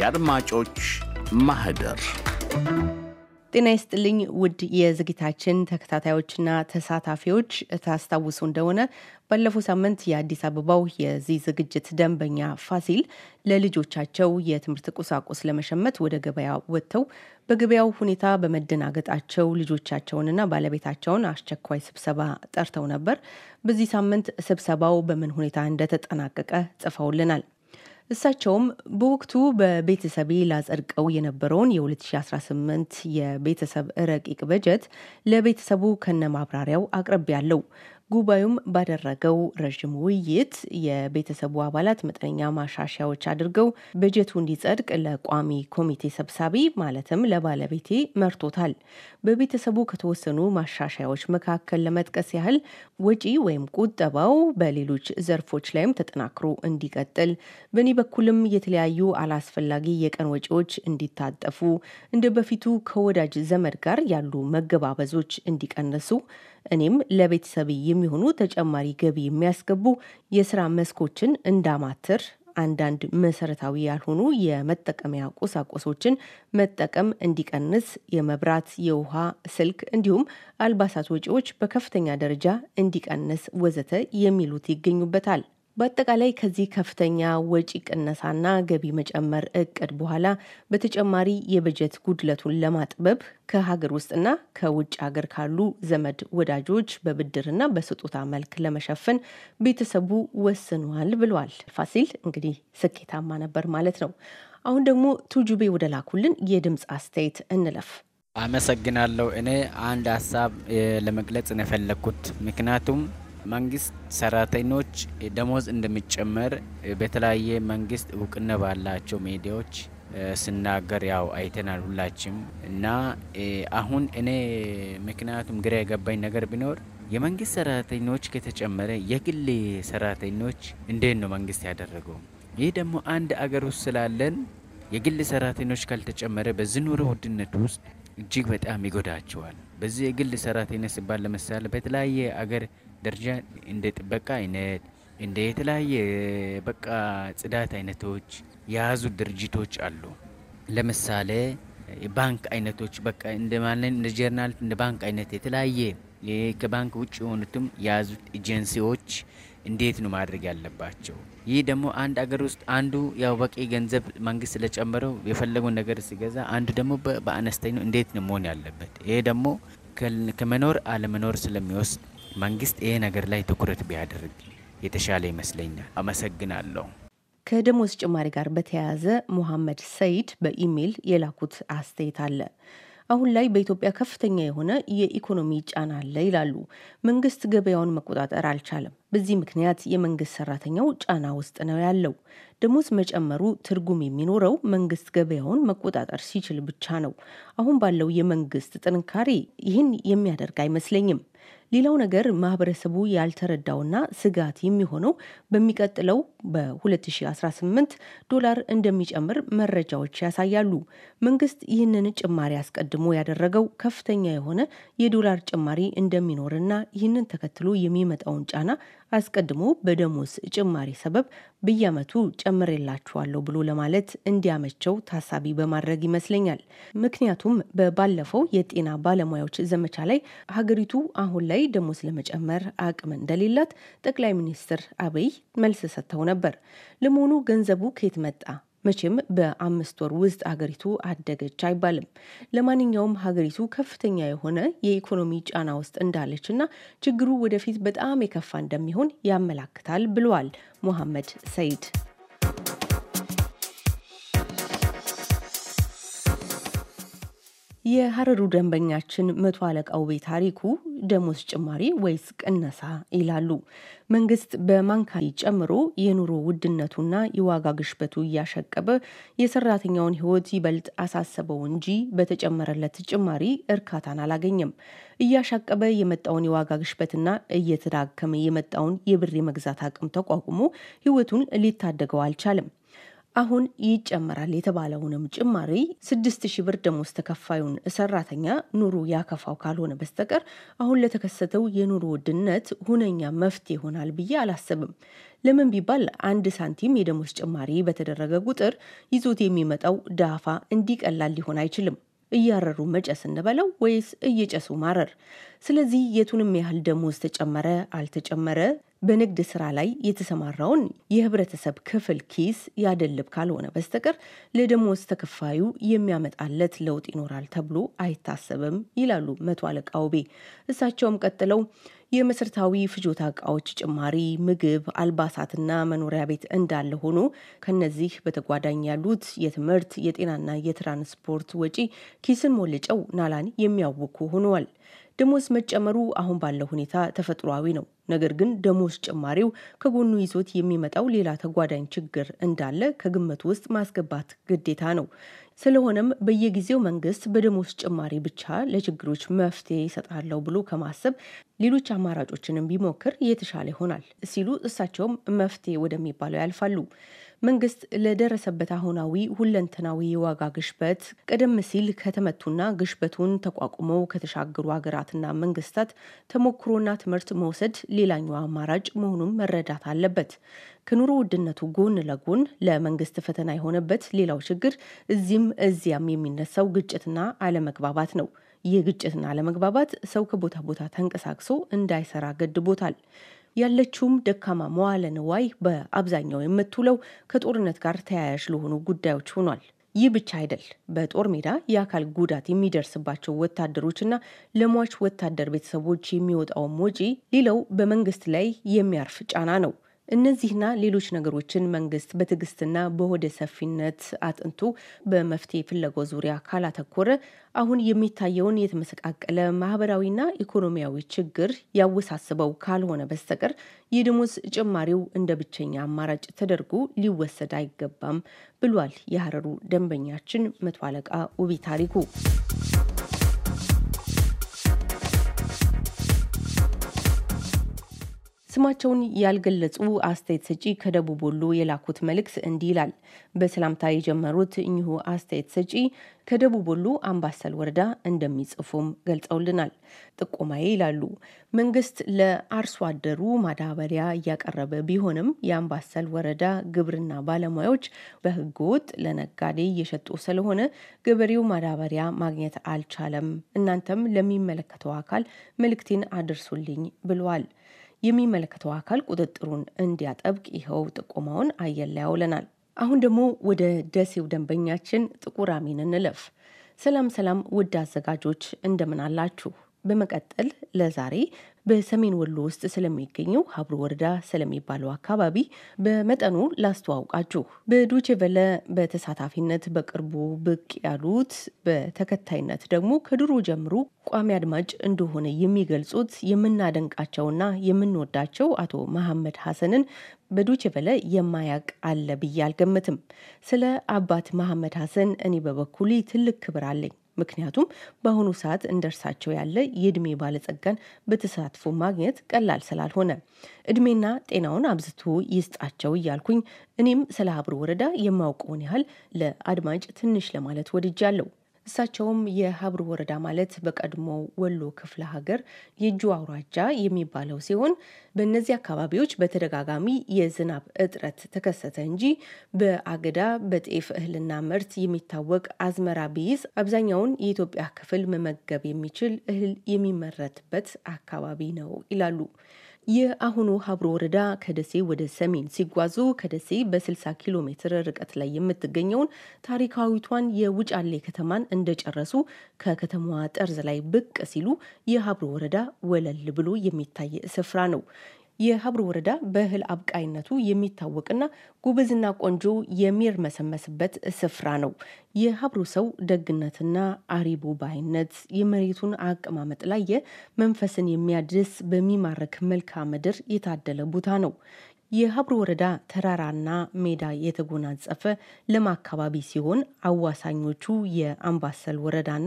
የአድማጮች ማህደር ጤና ይስጥልኝ ውድ የዝግታችን ተከታታዮችና ተሳታፊዎች፣ ታስታውሱ እንደሆነ ባለፈው ሳምንት የአዲስ አበባው የዚህ ዝግጅት ደንበኛ ፋሲል ለልጆቻቸው የትምህርት ቁሳቁስ ለመሸመት ወደ ገበያ ወጥተው በገበያው ሁኔታ በመደናገጣቸው ልጆቻቸውንና ባለቤታቸውን አስቸኳይ ስብሰባ ጠርተው ነበር። በዚህ ሳምንት ስብሰባው በምን ሁኔታ እንደተጠናቀቀ ጽፈውልናል። እሳቸውም በወቅቱ በቤተሰቤ ላጸድቀው የነበረውን የ2018 የቤተሰብ ረቂቅ በጀት ለቤተሰቡ ከነ ማብራሪያው አቅርቤያለሁ። ጉባኤውም ባደረገው ረዥም ውይይት የቤተሰቡ አባላት መጠነኛ ማሻሻያዎች አድርገው በጀቱ እንዲጸድቅ ለቋሚ ኮሚቴ ሰብሳቢ ማለትም ለባለቤቴ መርቶታል። በቤተሰቡ ከተወሰኑ ማሻሻያዎች መካከል ለመጥቀስ ያህል ወጪ ወይም ቁጠባው በሌሎች ዘርፎች ላይም ተጠናክሮ እንዲቀጥል፣ በእኔ በኩልም የተለያዩ አላስፈላጊ የቀን ወጪዎች እንዲታጠፉ፣ እንደ በፊቱ ከወዳጅ ዘመድ ጋር ያሉ መገባበዞች እንዲቀነሱ። እኔም ለቤተሰብ የሚሆኑ ተጨማሪ ገቢ የሚያስገቡ የስራ መስኮችን እንዳማትር አንዳንድ መሰረታዊ ያልሆኑ የመጠቀሚያ ቁሳቁሶችን መጠቀም እንዲቀንስ፣ የመብራት፣ የውሃ፣ ስልክ እንዲሁም አልባሳት ወጪዎች በከፍተኛ ደረጃ እንዲቀንስ ወዘተ የሚሉት ይገኙበታል። በአጠቃላይ ከዚህ ከፍተኛ ወጪ ቅነሳና ገቢ መጨመር እቅድ በኋላ በተጨማሪ የበጀት ጉድለቱን ለማጥበብ ከሀገር ውስጥና ከውጭ ሀገር ካሉ ዘመድ ወዳጆች በብድርና በስጦታ መልክ ለመሸፈን ቤተሰቡ ወስኗል ብሏል። ፋሲል እንግዲህ ስኬታማ ነበር ማለት ነው። አሁን ደግሞ ቱጁቤ ወደ ላኩልን የድምፅ አስተያየት እንለፍ። አመሰግናለሁ። እኔ አንድ ሀሳብ ለመግለጽ ነው የፈለግኩት ምክንያቱም መንግስት ሰራተኞች ደሞዝ እንደሚጨመር በተለያየ መንግስት እውቅና ባላቸው ሜዲያዎች ስናገር ያው አይተናል ሁላችም እና አሁን እኔ ምክንያቱም ግራ የገባኝ ነገር ቢኖር የመንግስት ሰራተኞች ከተጨመረ የግል ሰራተኞች እንዴት ነው መንግስት ያደረገው? ይህ ደግሞ አንድ አገር ውስጥ ስላለን የግል ሰራተኞች ካልተጨመረ በዚህ ኑሮ ውድነት ውስጥ እጅግ በጣም ይጎዳቸዋል። በዚህ የግል ሰራተኛ ሲባል ለምሳሌ በተለያየ አገር ደረጃ እንደ ጥበቃ አይነት እንደ የተለያየ በቃ ጽዳት አይነቶች የያዙ ድርጅቶች አሉ። ለምሳሌ ባንክ አይነቶች በቃ እንደ ማለት እንደ ጀርናል እንደ ባንክ አይነት የተለያየ ከባንክ ውጭ የሆኑትም የያዙት ኤጀንሲዎች እንዴት ነው ማድረግ ያለባቸው? ይህ ደግሞ አንድ አገር ውስጥ አንዱ ያው በቂ ገንዘብ መንግስት ስለጨመረው የፈለገውን ነገር ሲገዛ፣ አንዱ ደግሞ በአነስተኛው እንዴት ነው መሆን ያለበት? ይሄ ደግሞ ከመኖር አለመኖር ስለሚወስድ መንግስት ይሄ ነገር ላይ ትኩረት ቢያደርግ የተሻለ ይመስለኛል። አመሰግናለሁ። ከደሞዝ ጭማሪ ጋር በተያያዘ ሙሐመድ ሰይድ በኢሜይል የላኩት አስተያየት አለ። አሁን ላይ በኢትዮጵያ ከፍተኛ የሆነ የኢኮኖሚ ጫና አለ ይላሉ። መንግስት ገበያውን መቆጣጠር አልቻለም። በዚህ ምክንያት የመንግስት ሰራተኛው ጫና ውስጥ ነው ያለው። ደሞዝ መጨመሩ ትርጉም የሚኖረው መንግስት ገበያውን መቆጣጠር ሲችል ብቻ ነው። አሁን ባለው የመንግስት ጥንካሬ ይህን የሚያደርግ አይመስለኝም። ሌላው ነገር ማህበረሰቡ ያልተረዳውና ስጋት የሚሆነው በሚቀጥለው በ2018 ዶላር እንደሚጨምር መረጃዎች ያሳያሉ። መንግስት ይህንን ጭማሪ አስቀድሞ ያደረገው ከፍተኛ የሆነ የዶላር ጭማሪ እንደሚኖርና ይህንን ተከትሎ የሚመጣውን ጫና አስቀድሞ በደሞዝ ጭማሪ ሰበብ በየዓመቱ ጨምሬላችኋለሁ ብሎ ለማለት እንዲያመቸው ታሳቢ በማድረግ ይመስለኛል። ምክንያቱም በባለፈው የጤና ባለሙያዎች ዘመቻ ላይ ሀገሪቱ አሁን አሁን ላይ ደሞዝ ለመጨመር አቅም እንደሌላት ጠቅላይ ሚኒስትር አብይ መልስ ሰጥተው ነበር። ለመሆኑ ገንዘቡ ከየት መጣ? መቼም በአምስት ወር ውስጥ ሀገሪቱ አደገች አይባልም። ለማንኛውም ሀገሪቱ ከፍተኛ የሆነ የኢኮኖሚ ጫና ውስጥ እንዳለችና ችግሩ ወደፊት በጣም የከፋ እንደሚሆን ያመላክታል ብለዋል ሞሐመድ ሰይድ። የሀረሩ ደንበኛችን መቶ አለቃ ውቤ ታሪኩ ደሞዝ ጭማሪ ወይስ ቅነሳ ይላሉ። መንግስት በማንካ ጨምሮ የኑሮ ውድነቱና የዋጋ ግሽበቱ እያሻቀበ የሰራተኛውን ህይወት ይበልጥ አሳሰበው እንጂ በተጨመረለት ጭማሪ እርካታን አላገኘም። እያሻቀበ የመጣውን የዋጋ ግሽበትና እየተዳከመ የመጣውን የብር የመግዛት አቅም ተቋቁሞ ህይወቱን ሊታደገው አልቻለም። አሁን ይጨመራል የተባለውንም ጭማሪ ስድስት ሺህ ብር ደሞዝ ተከፋዩን ሰራተኛ ኑሮ ያከፋው ካልሆነ በስተቀር አሁን ለተከሰተው የኑሮ ውድነት ሁነኛ መፍትሄ ይሆናል ብዬ አላስብም። ለምን ቢባል አንድ ሳንቲም የደሞዝ ጭማሪ በተደረገ ቁጥር ይዞት የሚመጣው ዳፋ እንዲቀላል ሊሆን አይችልም። እያረሩ መጨስ እንበለው ወይስ እየጨሱ ማረር? ስለዚህ የቱንም ያህል ደሞዝ ተጨመረ አልተጨመረ በንግድ ስራ ላይ የተሰማራውን የህብረተሰብ ክፍል ኪስ ያደልብ ካልሆነ በስተቀር ለደሞዝ ተከፋዩ የሚያመጣለት ለውጥ ይኖራል ተብሎ አይታሰብም ይላሉ መቶ አለቃ ውቤ። እሳቸውም ቀጥለው የመሰረታዊ ፍጆታ እቃዎች ጭማሪ፣ ምግብ፣ አልባሳትና መኖሪያ ቤት እንዳለ ሆኖ ከነዚህ በተጓዳኝ ያሉት የትምህርት የጤናና የትራንስፖርት ወጪ ኪስን ሞልጨው ናላን የሚያውኩ ሆነዋል። ደሞዝ መጨመሩ አሁን ባለው ሁኔታ ተፈጥሯዊ ነው። ነገር ግን ደሞዝ ጭማሪው ከጎኑ ይዞት የሚመጣው ሌላ ተጓዳኝ ችግር እንዳለ ከግምት ውስጥ ማስገባት ግዴታ ነው። ስለሆነም በየጊዜው መንግስት በደሞዝ ጭማሪ ብቻ ለችግሮች መፍትሄ ይሰጣለሁ ብሎ ከማሰብ ሌሎች አማራጮችንም ቢሞክር የተሻለ ይሆናል ሲሉ እሳቸውም መፍትሄ ወደሚባለው ያልፋሉ። መንግስት ለደረሰበት አሁናዊ ሁለንተናዊ የዋጋ ግሽበት ቀደም ሲል ከተመቱና ግሽበቱን ተቋቁመው ከተሻገሩ ሀገራትና መንግስታት ተሞክሮና ትምህርት መውሰድ ሌላኛው አማራጭ መሆኑን መረዳት አለበት። ከኑሮ ውድነቱ ጎን ለጎን ለመንግስት ፈተና የሆነበት ሌላው ችግር እዚህም እዚያም የሚነሳው ግጭትና አለመግባባት ነው። ይህ ግጭትና አለመግባባት ሰው ከቦታ ቦታ ተንቀሳቅሶ እንዳይሰራ ገድቦታል። ያለችውም ደካማ መዋለ ንዋይ በአብዛኛው የምትውለው ከጦርነት ጋር ተያያዥ ለሆኑ ጉዳዮች ሆኗል። ይህ ብቻ አይደል። በጦር ሜዳ የአካል ጉዳት የሚደርስባቸው ወታደሮችና ለሟች ወታደር ቤተሰቦች የሚወጣውም ወጪ ሌላው በመንግስት ላይ የሚያርፍ ጫና ነው። እነዚህና ሌሎች ነገሮችን መንግስት በትዕግስትና በሆደ ሰፊነት አጥንቶ በመፍትሄ ፍለጋው ዙሪያ ካላተኮረ አሁን የሚታየውን የተመሰቃቀለ ማህበራዊና ኢኮኖሚያዊ ችግር ያወሳስበው ካልሆነ በስተቀር የደሞዝ ጭማሪው እንደ ብቸኛ አማራጭ ተደርጎ ሊወሰድ አይገባም ብሏል የሀረሩ ደንበኛችን መቶ አለቃ ውቢ ታሪኩ። ስማቸውን ያልገለጹ አስተያየት ሰጪ ከደቡብ ወሎ የላኩት መልእክት እንዲህ ይላል። በሰላምታ የጀመሩት እኚሁ አስተያየት ሰጪ ከደቡብ ወሎ አምባሰል ወረዳ እንደሚጽፉም ገልጸውልናል። ጥቆማዬ ይላሉ መንግስት ለአርሶ አደሩ ማዳበሪያ እያቀረበ ቢሆንም የአምባሰል ወረዳ ግብርና ባለሙያዎች በህገ ወጥ ለነጋዴ እየሸጡ ስለሆነ ገበሬው ማዳበሪያ ማግኘት አልቻለም። እናንተም ለሚመለከተው አካል መልእክቴን አድርሱልኝ ብለዋል። የሚመለከተው አካል ቁጥጥሩን እንዲያጠብቅ ይኸው ጥቆማውን አየር ላይ ያውለናል። አሁን ደግሞ ወደ ደሴው ደንበኛችን ጥቁር አሚን እንለፍ። ሰላም ሰላም፣ ውድ አዘጋጆች እንደምን አላችሁ? በመቀጠል ለዛሬ በሰሜን ወሎ ውስጥ ስለሚገኘው ሀብሩ ወረዳ ስለሚባለው አካባቢ በመጠኑ ላስተዋውቃችሁ። በዶችቨለ በተሳታፊነት በቅርቡ ብቅ ያሉት በተከታይነት ደግሞ ከድሮ ጀምሮ ቋሚ አድማጭ እንደሆነ የሚገልጹት የምናደንቃቸውና የምንወዳቸው አቶ መሐመድ ሀሰንን በዶችቨለ የማያቅ አለ ብዬ አልገምትም። ስለ አባት መሐመድ ሀሰን እኔ በበኩሌ ትልቅ ክብር አለኝ። ምክንያቱም በአሁኑ ሰዓት እንደርሳቸው ያለ የእድሜ ባለጸጋን በተሳትፎ ማግኘት ቀላል ስላልሆነ እድሜና ጤናውን አብዝቶ ይስጣቸው እያልኩኝ እኔም ስለ ሀብሩ ወረዳ የማውቀውን ያህል ለአድማጭ ትንሽ ለማለት ወድጃለሁ። እሳቸውም የሀብሩ ወረዳ ማለት በቀድሞ ወሎ ክፍለ ሀገር የእጁ አውራጃ የሚባለው ሲሆን በእነዚህ አካባቢዎች በተደጋጋሚ የዝናብ እጥረት ተከሰተ እንጂ በአገዳ በጤፍ እህልና ምርት የሚታወቅ አዝመራ ቢይዝ አብዛኛውን የኢትዮጵያ ክፍል መመገብ የሚችል እህል የሚመረትበት አካባቢ ነው ይላሉ። የአሁኑ ሀብሮ ወረዳ ከደሴ ወደ ሰሜን ሲጓዙ ከደሴ በ60 ኪሎ ሜትር ርቀት ላይ የምትገኘውን ታሪካዊቷን የውጫሌ ከተማን እንደጨረሱ ከከተማዋ ጠርዝ ላይ ብቅ ሲሉ የሀብሮ ወረዳ ወለል ብሎ የሚታይ ስፍራ ነው። የሀብሩ ወረዳ በእህል አብቃይነቱ የሚታወቅና ጉብዝና ቆንጆ የሚርመሰመስበት ስፍራ ነው። የሀብሩ ሰው ደግነትና አሪቦ ባይነት የመሬቱን አቀማመጥ ላይ መንፈስን የሚያድስ በሚማርክ መልክዓ ምድር የታደለ ቦታ ነው። የሀብሩ ወረዳ ተራራና ሜዳ የተጎናጸፈ ለም አካባቢ ሲሆን አዋሳኞቹ የአምባሰል ወረዳና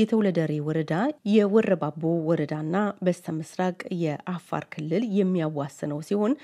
የተውለደሬ ወረዳ፣ የወረባቦ ወረዳና በስተ ምስራቅ የአፋር ክልል የሚያዋስነው ሲሆን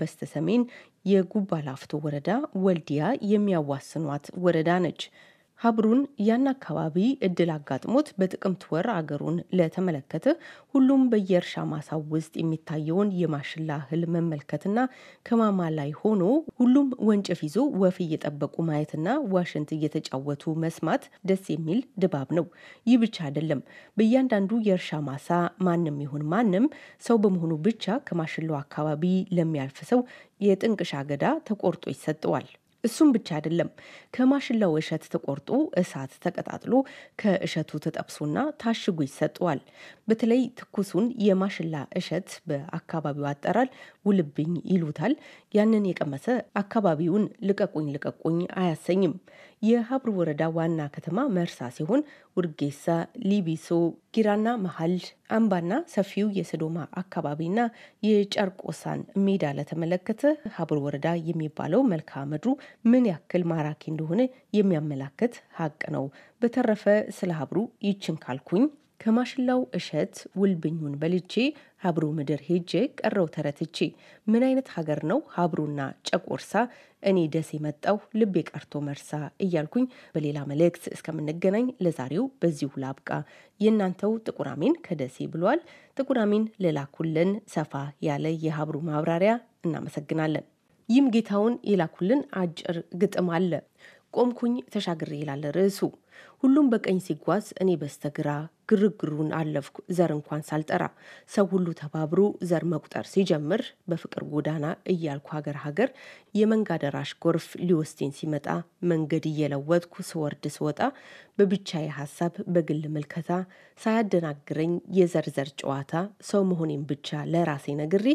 በስተ ሰሜን የጉባላፍቶ ወረዳ ወልዲያ የሚያዋስኗት ወረዳ ነች። ሀብሩን ያን አካባቢ እድል አጋጥሞት በጥቅምት ወር አገሩን ለተመለከተ ሁሉም በየእርሻ ማሳው ውስጥ የሚታየውን የማሽላ እህል መመልከትና ከማማ ላይ ሆኖ ሁሉም ወንጭፍ ይዞ ወፍ እየጠበቁ ማየትና ዋሽንት እየተጫወቱ መስማት ደስ የሚል ድባብ ነው። ይህ ብቻ አይደለም። በእያንዳንዱ የእርሻ ማሳ ማንም ይሁን ማንም ሰው በመሆኑ ብቻ ከማሽላው አካባቢ ለሚያልፍ ሰው የጥንቅሻ አገዳ ተቆርጦ ይሰጠዋል። እሱም ብቻ አይደለም። ከማሽላው እሸት ተቆርጦ እሳት ተቀጣጥሎ ከእሸቱ ተጠብሶና ታሽጉ ይሰጠዋል። በተለይ ትኩሱን የማሽላ እሸት በአካባቢው አጠራል ውልብኝ ይሉታል። ያንን የቀመሰ አካባቢውን ልቀቁኝ ልቀቁኝ አያሰኝም። የሀብር ወረዳ ዋና ከተማ መርሳ ሲሆን ውርጌሳ፣ ሊቢሶ፣ ጊራና መሀል አምባና ሰፊው የሰዶማ አካባቢና የጨርቆሳን ሜዳ ለተመለከተ ሀብር ወረዳ የሚባለው መልክዓ ምድሩ ምን ያክል ማራኪ እንደሆነ የሚያመላክት ሀቅ ነው። በተረፈ ስለ ሀብሩ ይችን ካልኩኝ ከማሽላው እሸት ውልብኙን በልቼ ሀብሩ ምድር ሄጄ ቀረው ተረትቼ ምን አይነት ሀገር ነው ሀብሩና ጨቆርሳ እኔ ደሴ መጣው ልቤ ቀርቶ መርሳ እያልኩኝ በሌላ መልእክት እስከምንገናኝ ለዛሬው በዚሁ ላብቃ። የእናንተው ጥቁር አሚን ከደሴ ብሏል። ጥቁር አሚን ለላኩልን ሰፋ ያለ የሀብሩ ማብራሪያ እናመሰግናለን። ይህም ጌታውን የላኩልን አጭር ግጥም አለ። ቆምኩኝ ተሻግሬ ይላል ርዕሱ። ሁሉም በቀኝ ሲጓዝ እኔ በስተግራ ግርግሩን አለፍኩ፣ ዘር እንኳን ሳልጠራ። ሰው ሁሉ ተባብሮ ዘር መቁጠር ሲጀምር በፍቅር ጎዳና እያልኩ ሀገር ሀገር የመንጋ ደራሽ ጎርፍ ሊወስቴን ሲመጣ መንገድ እየለወጥኩ ስወርድ ስወጣ በብቻዬ ሀሳብ በግል ምልከታ ሳያደናግረኝ የዘርዘር ጨዋታ ሰው መሆኔን ብቻ ለራሴ ነግሬ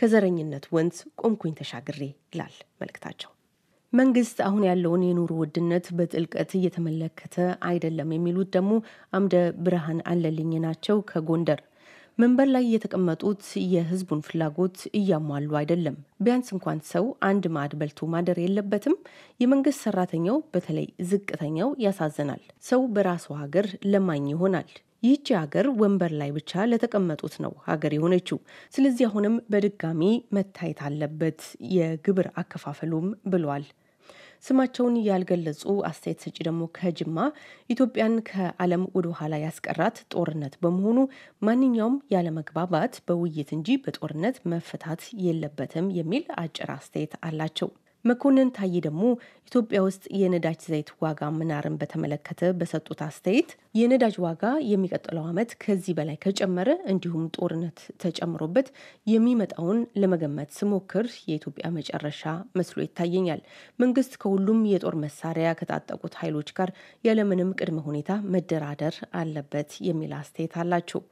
ከዘረኝነት ወንዝ ቆምኩኝ ተሻግሬ ይላል መልእክታቸው። መንግስት አሁን ያለውን የኑሮ ውድነት በጥልቀት እየተመለከተ አይደለም የሚሉት ደግሞ አምደ ብርሃን አለልኝ ናቸው ከጎንደር። መንበር ላይ የተቀመጡት የህዝቡን ፍላጎት እያሟሉ አይደለም። ቢያንስ እንኳን ሰው አንድ ማዕድ በልቶ ማደር የለበትም። የመንግስት ሰራተኛው በተለይ ዝቅተኛው ያሳዝናል። ሰው በራሱ ሀገር ለማኝ ይሆናል። ይህቺ ሀገር ወንበር ላይ ብቻ ለተቀመጡት ነው ሀገር የሆነችው። ስለዚህ አሁንም በድጋሚ መታየት አለበት የግብር አከፋፈሉም ብሏል። ስማቸውን ያልገለጹ አስተያየት ሰጪ ደግሞ ከጅማ ኢትዮጵያን ከዓለም ወደ ኋላ ያስቀራት ጦርነት በመሆኑ ማንኛውም ያለመግባባት በውይይት እንጂ በጦርነት መፈታት የለበትም የሚል አጭር አስተያየት አላቸው። መኮንን ታዬ ደግሞ ኢትዮጵያ ውስጥ የነዳጅ ዘይት ዋጋ ምናርን በተመለከተ በሰጡት አስተያየት የነዳጅ ዋጋ የሚቀጥለው ዓመት ከዚህ በላይ ከጨመረ እንዲሁም ጦርነት ተጨምሮበት የሚመጣውን ለመገመት ስሞክር የኢትዮጵያ መጨረሻ መስሎ ይታየኛል። መንግስት ከሁሉም የጦር መሳሪያ ከታጠቁት ኃይሎች ጋር ያለምንም ቅድመ ሁኔታ መደራደር አለበት የሚል አስተያየት አላቸው።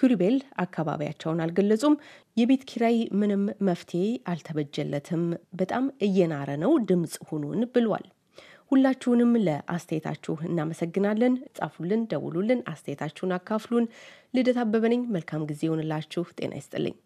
ኩሪቤል አካባቢያቸውን አልገለጹም። የቤት ኪራይ ምንም መፍትሄ አልተበጀለትም። በጣም እየናረ ነው። ድምፅ ሁኑን ብሏል። ሁላችሁንም ለአስተያየታችሁ እናመሰግናለን። ጻፉልን፣ ደውሉልን፣ አስተያየታችሁን አካፍሉን። ልደት አበበ ነኝ። መልካም ጊዜ ይሆንላችሁ። ጤና ይስጥልኝ።